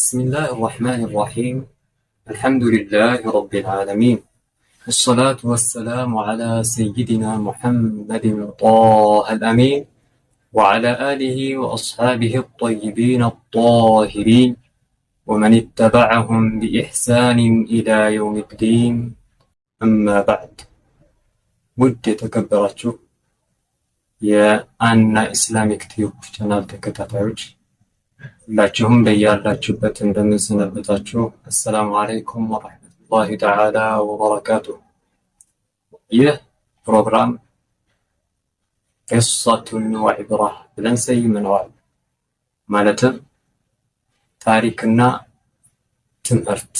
بسم الله الرحمن الرحيم الحمد لله رب العالمين والصلاة والسلام على سيدنا محمد طه الأمين وعلى آله وأصحابه الطيبين الطاهرين ومن اتبعهم بإحسان إلى يوم الدين أما بعد ود تكبرتشو يا أن إسلامك تيوب شنال تكتاتايوش ሁላችሁም በያላችሁበት እንደምንሰነበታችሁ አሰላሙ አለይኩም ወረሕመቱላሂ ተዓላ ወበረካቱ ይህ ፕሮግራም ቂሶቱን ወዕብራ ብለን ሰይመነዋል። ማለትም ታሪክና ትምህርት።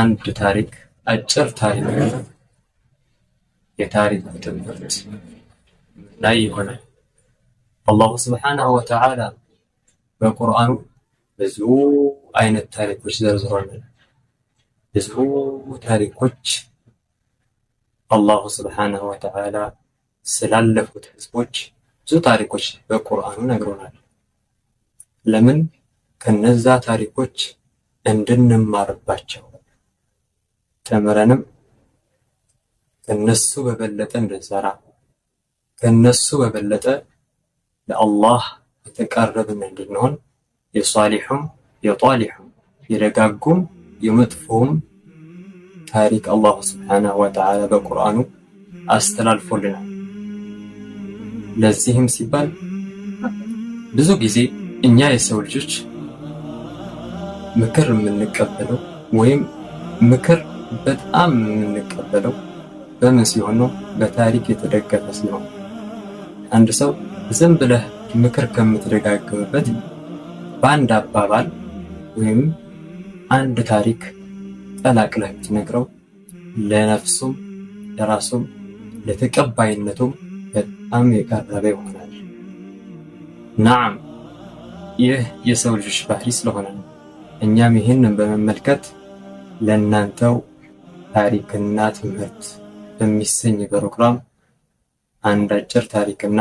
አንድ ታሪክ አጭር ታሪክ የታሪክ ትምህርት ላይ ይሆናል። አላሁ ስብሓነሁ ወተዓላ በቁርአኑ ብዙ አይነት ታሪኮች ዘርዝሮናል። ብዙ ታሪኮች አላሁ ስብሓነሁ ወተዓላ ስላለፉት ህዝቦች ብዙ ታሪኮች በቁርአኑ ነግሮናል። ለምን ከነዛ ታሪኮች እንድንማርባቸው ተምረንም ከነሱ በበለጠ እንድንሰራ ከነሱ በበለጠ ለአላህ የተቃረብን እንድንሆን የሷሊሑም የጧሊሑም የደጋጉም የመጥፎውም ታሪክ አላሁ ስብሓነሁ ወተዓላ በቁርአኑ አስተላልፎልናል። ለዚህም ሲባል ብዙ ጊዜ እኛ የሰው ልጆች ምክር የምንቀበለው ወይም ምክር በጣም የምንቀበለው በምን ሲሆን ነው? በታሪክ የተደገፈ ሲሆን አንድ ሰው ዝም ብለህ ምክር ከምትደጋግምበት በአንድ አባባል ወይም አንድ ታሪክ ጠላቅለህ የምትነግረው ለነፍሱም ለራሱም ለተቀባይነቱም በጣም የቀረበ ይሆናል። ናም ይህ የሰው ልጆች ባህሪ ስለሆነ ነው። እኛም ይህንን በመመልከት ለእናንተው ታሪክና ትምህርት በሚሰኝ ፕሮግራም አንድ አጭር ታሪክና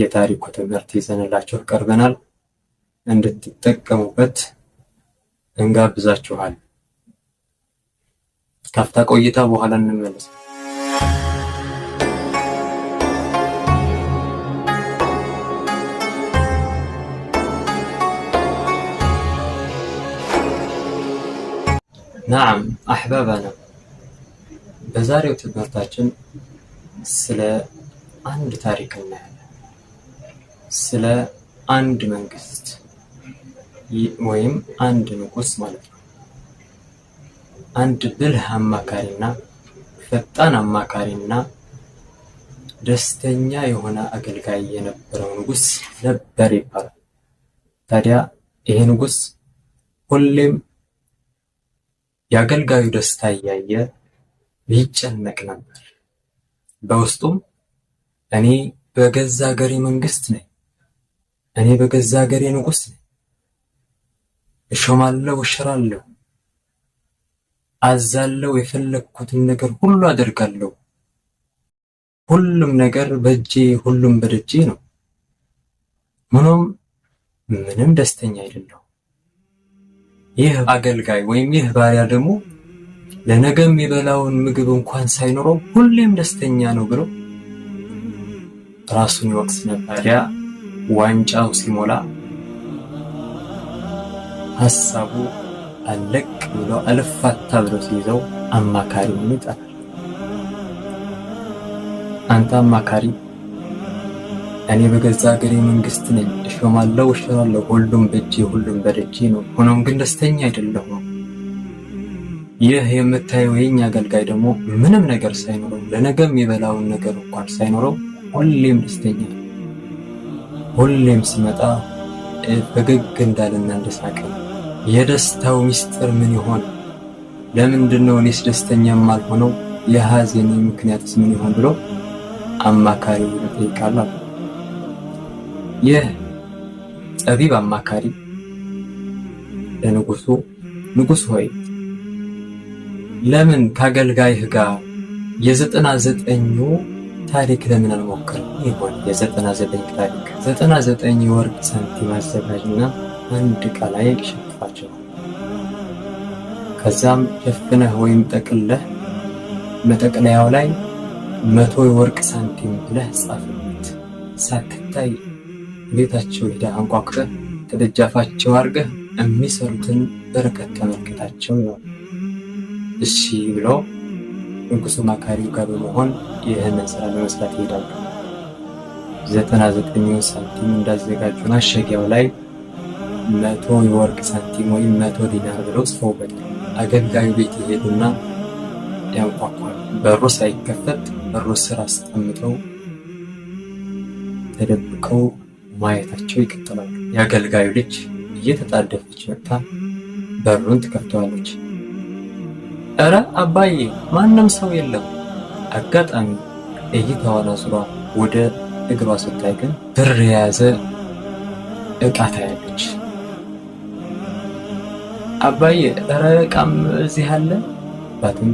የታሪኩ ትምህርት ይዘንላችሁ ቀርበናል። እንድትጠቀሙበት እንጋብዛችኋል። ካፍታ ቆይታ በኋላ እንመለስ። ናም አሕባባና በዛሬው ትምህርታችን ስለ አንድ ታሪክ እናያለን። ስለ አንድ መንግስት ወይም አንድ ንጉስ ማለት ነው። አንድ ብልህ አማካሪና ፈጣን አማካሪና ደስተኛ የሆነ አገልጋይ የነበረው ንጉስ ነበር ይባላል። ታዲያ ይሄ ንጉስ ሁሌም የአገልጋዩ ደስታ እያየ ይጨነቅ ነበር። በውስጡም እኔ በገዛ ሀገሪ መንግስት ነኝ እኔ በገዛ ሀገሬ ንጉስ ነኝ፣ እሾማለሁ፣ እሽራለሁ፣ አዛለሁ፣ የፈለግኩትን ነገር ሁሉ አደርጋለሁ። ሁሉም ነገር በእጄ ሁሉም በደጄ ነው። ምኖም ምንም ደስተኛ አይደለሁ። ይህ አገልጋይ ወይም ይህ ባሪያ ደግሞ ለነገም የበላውን ምግብ እንኳን ሳይኖረው ሁሌም ደስተኛ ነው ብሎ ራሱን ይወቅስ ነበር። ዋንጫው ሲሞላ ሀሳቡ አለቅ ብሎ አልፋታ ብሎ ሲይዘው አማካሪውን ይጠራል። አንተ አማካሪ፣ እኔ በገዛ ሀገሬ መንግስት ነኝ፣ እሾማለሁ፣ እሸራለሁ፣ ሁሉም በእጄ ሁሉም በደጄ ነው። ሆኖም ግን ደስተኛ አይደለሁም። ይህ የምታየው የኛ አገልጋይ ደግሞ ምንም ነገር ሳይኖረው ለነገም የበላውን ነገር እንኳን ሳይኖረው ሁሌም ደስተኛ ሁሌም ሲመጣ ፈገግ እንዳልና እንደሳቀ የደስታው ምስጢር ምን ይሆን? ለምንድን ነው እኔስ ደስተኛ የማልሆነው? የሐዘኔ ምክንያትስ ምን ይሆን ብሎ አማካሪ ይጠይቃል። ይህ ጠቢብ አማካሪ ለንጉሱ ንጉስ ሆይ ለምን ከአገልጋይህ ጋር የዘጠና ዘጠኙ ታሪክ ለምን አልሞክርም ይሆን? የ99 ታሪክ 99 የወርቅ ሳንቲም አዘጋጅና አንድ ዕቃ ላይ ሸፋቸው። ከዛም ሸፍነህ ወይም ጠቅለህ መጠቅለያው ላይ መቶ የወርቅ ሳንቲም ብለህ ጻፍት ሳትታይ ቤታቸው ሄደህ አንኳኩተህ ከደጃፋቸው አድርገህ የሚሰሩትን በረከት ተመልከታቸው ነው። እሺ ብሎ ንጉሱ ማካሪው ጋር በመሆን ይህንን ስራ ለመስራት ይሄዳሉ። ዘጠና ሳንቲም እንዳዘጋጁ ማሸጊያው ላይ መቶ የወርቅ ሳንቲም ወይም መቶ ዲናር ብለው ጽፈውበት አገልጋዩ ቤት ይሄዱና ያንኳኳል። በሩ ሳይከፈት በሩ ስር አስቀምጠው ተደብቀው ማየታቸው ይቀጥላሉ። የአገልጋዩ ልጅ እየተጣደፈች መጥታ በሩን ትከፍተዋለች። እረ አባዬ ማንም ሰው የለም። አጋጣሚ እይታዋን አዙራ ወደ እግሯ ስታይ ግን ብር የያዘ እቃ ታያለች። አባዬ እረ እቃም እዚህ አለ። አባትም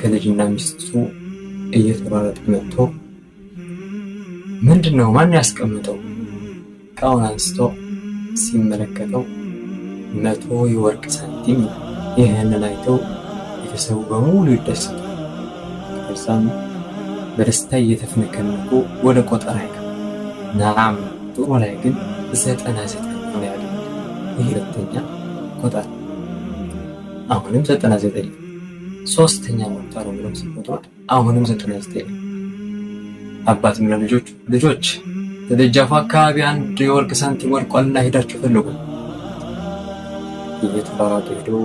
ከልጅና ሚስቱ እየተሯረጠ መጥቶ ምንድን ነው ማን ያስቀምጠው? እቃውን አንስቶ ሲመለከተው መቶ የወርቅ ሳንቲም ይህንን አይተው ቤተሰቡ በሙሉ ይደሰታል። ከዛም በደስታ እየተፍነከነቁ ወደ ቆጠራ ይገባል። ናም ጥሩ ላይ ግን ዘጠና ዘጠኝ ነው ያገኘ። ይህ ሁለተኛ ቆጠራ አሁንም ዘጠና ዘጠኝ ሶስተኛ ቆጠሩ ብለው ሲቆጥሩት አሁንም ዘጠና ዘጠኝ አባትም ለልጆቹ ልጆች ከደጃፉ አካባቢ አንድ የወርቅ ሳንቲም ወድቋልና ሄዳችሁ ፈልጉ እየተባራጡ ሄደው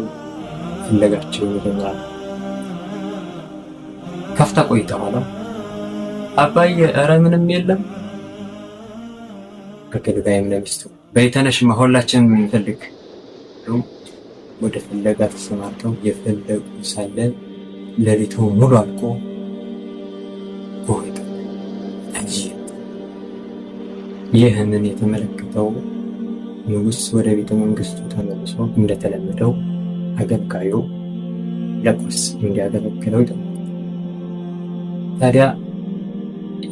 ፍለጋቸው ይሆናል። ከፍታ ቆይታ በኋላ አባዬ፣ ኧረ ምንም የለም ከገልጋይም ለሚስቱ በይተነሽ መሆላችን የምንፈልግ ወደ ፍለጋ ተሰማርተው የፈለጉ ሳለ ሌሊቱ ሙሉ አልቆ ጎይጠ እንጂ ይህንን የተመለከተው ንጉስ ወደ ቤተ መንግስቱ ተመልሶ እንደተለመደው ተገልጋዩ ለቁርስ እንዲያገለግለው ይጠብቃል። ታዲያ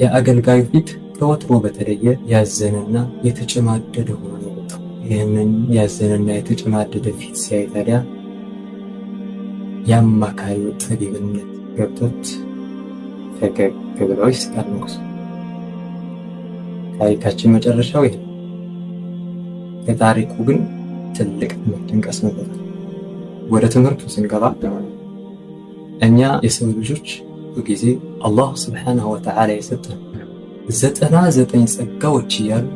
የአገልጋዩ ፊት ከወትሮ በተለየ ያዘነና የተጨማደደ ሆኖ ይህንን ያዘነና የተጨማደደ ፊት ሲያይ ታዲያ የአማካዩ ጠቢብነት ገብቶት ፈገግ ብለው ይስቃል ንጉሱ። ታሪካችን መጨረሻው ይህ ከታሪኩ ግን ትልቅ መደንቀስ ነበራል። ወደ ትምህርቱ ስንገባ እኛ የሰው ልጆች ሁልጊዜ አላህ ስብሓንሁ ወተዓላ የሰጠን ዘጠና ዘጠኝ ጸጋዎች እያሉ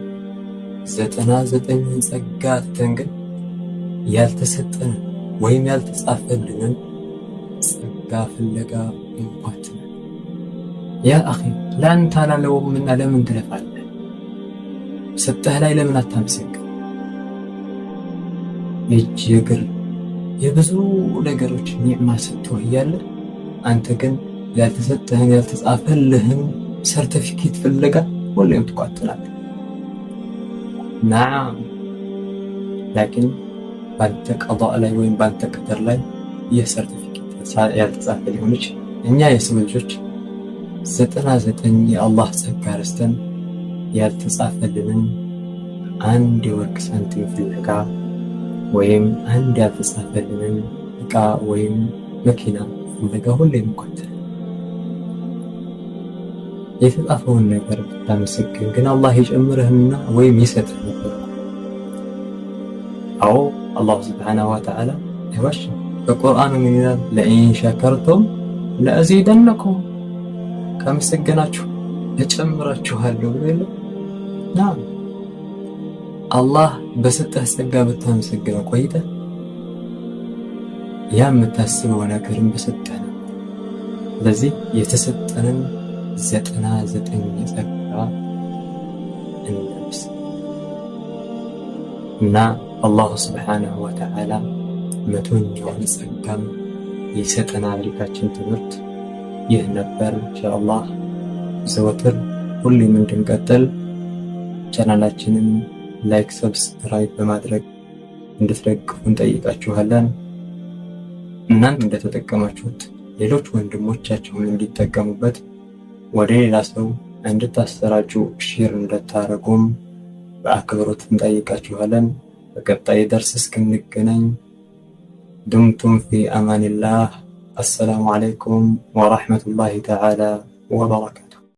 ዘጠና ዘጠኝን ጸጋ ትተን ግን ያልተሰጠንን ወይም ያልተጻፈልንን ጸጋ ፍለጋ እንኳትነ ያ አኺ ለአንተ አላለውምና ለምን ትለፋለህ? ሰጠህ ላይ ለምን አታመሰግን? እጅ እግር የብዙ ነገሮች ኒዕማ ሰጥቶ እያለ አንተ ግን ያልተሰጠህን ያልተጻፈልህን ሰርተፊኬት ፍለጋ ሁሌም ትቋጥላለህ። ናም ላኪን በአንተ ቀዳ ላይ ወይም በአንተ ቀደር ላይ ይህ ሰርተፊኬት ያልተጻፈ ሊሆንች እኛ የሰው ልጆች ዘጠና ዘጠኝ የአላህ ጸጋ ረስተን ያልተጻፈልንን አንድ የወርቅ ሳንቲም ፍለጋ ወይም አንድ ያልተጻፈልንን ዕቃ ወይም መኪና ፍለጋ ሁሌም እንኮትል። የተጻፈውን ነገር ብታመሰግን ግን አላህ ይጨምርህና ወይም ይሰጥህ ነበር። አዎ አላሁ ስብሓነሁ ወተዓላ አይዋሽም። በቁርአኑ ምን ይላል? ለኢን ሸከርቱም ለአዚደነኩም ካመሰገናችሁ እጨምራችኋለሁ ብሎ የለም ና አላህ በሰጠህ ጸጋ ብታመሰግነው ቆይተ ያ የምታስበው ነገርም በሰጠህ ስለዚህ የተሰጠንን ዘጠና ዘጠኝ ጸጋ እንነብስ እና አላሁ ስብሓነሁ ወተዓላ መቶኛውን ጸጋም የሰጠናል። ታችን ትምህርት ይህ ነበር። ኢንሻአላህ ዘወትር ሁሌም እንድንቀጥል ቻናላችንን ላይክ፣ ሰብስክራይብ በማድረግ እንድትደግፉን እንጠይቃችኋለን። እናንተ እንደተጠቀማችሁት ሌሎች ወንድሞቻችሁን እንዲጠቀሙበት ወደ ሌላ ሰው እንድታሰራጩ ሼር እንድታደርጉም በአክብሮት እንጠይቃችኋለን። በቀጣይ ደርስ እስክንገናኝ ድምቱም ፊ አማኒላህ። አሰላሙ አለይኩም ወራህመቱላሂ ተዓላ ወበረካቱ።